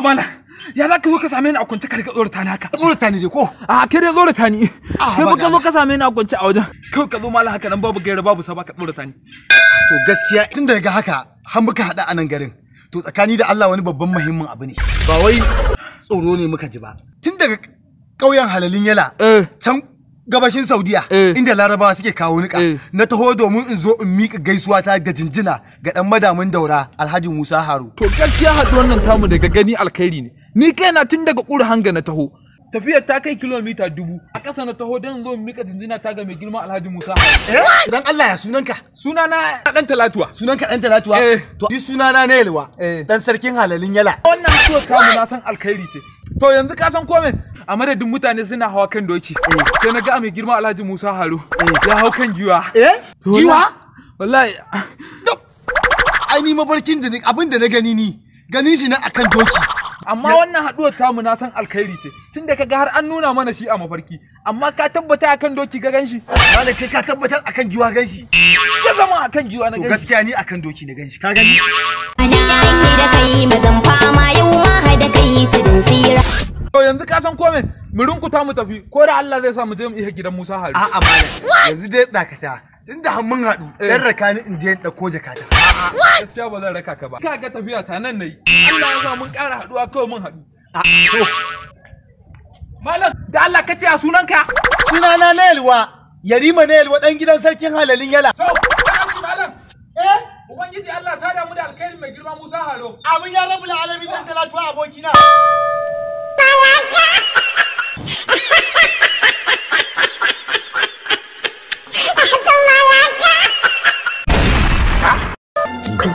mala ya za ka zo ka same ni a kwance ka riga tsorata ni haka tsorata ni ko a kai dai tsorata ni kai ba ka zo ka same ni a kwance a wajen kai ka zo mala haka nan babu gaira babu saba ka tsorata ni to gaskiya tun da ga haka har muka hada a nan garin to tsakani da Allah wani babban muhimmin abu ne ba wai tsoro ne muka ji ba tun daga ƙauyen halalin yala eh. can gabashin saudiya eh. inda larabawa suke kawo nika eh. na taho domin in zo in miƙa gaisuwa ta ga jinjina ga dan madamin daura alhaji musa haru to gaskiya haɗuwar nan tamu daga gani alkhairi ne ni kaina tun daga ƙura hanga na taho tafiyar ta kai kilomita dubu a ƙasa na taho don zo mika jinjina ta ga mai girma alhaji musa idan eh? allah ya sunanka sunana dan talatuwa sunanka dan talatuwa to ni sunana na yalwa dan sarkin halalin yala wannan ciwon tamu na san alkhairi ce To yanzu ka san komai. a madadin mutane suna hawa kan doki. Eh. Sai na ga mai girma Alhaji Musa Haro eh. ya hau kan giwa. Eh? Giwa? Wallahi. Ai ni mabarkin da abin da na gani ni ganin shi na akan doki. Amma wannan haɗuwar tamu na san alkhairi ce tunda kaga har an nuna mana shi a mafarki amma ka tabbata akan doki ka ganshi. Malam kai ka tabbatar akan giwa ganshi. Ya zama akan giwa na ganshi. To gaskiya ni akan doki na ganshi ka gani. Ana yi da kai mazan fama yau ka san komai mu rinkuta mu tafi ko da Allah zai sa mu je mu iya gidan Musa Haru a'a malam yanzu dai dakata tunda har mun haɗu eh. dan raka ni in je in jakata gaskiya ba zan raka ka ba ka ga tafiya ta nan nayi Allah ya sa mun ƙara a kawai mun haɗu malam da Allah ka ce a sunanka sunana na yalwa yarima na yalwa dan gidan sarkin halalin yala eh ubangiji Allah sada mu da alkhairi mai girma Musa Haro abin ya rabu alamin dan talatu abokina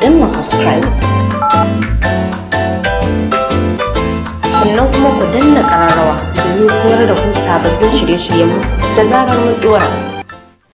danna subscribe sannan kuma ku danna ƙararrawa domin sayar da ku sababbin shirye-shiryenmu da zarar mun ɗora.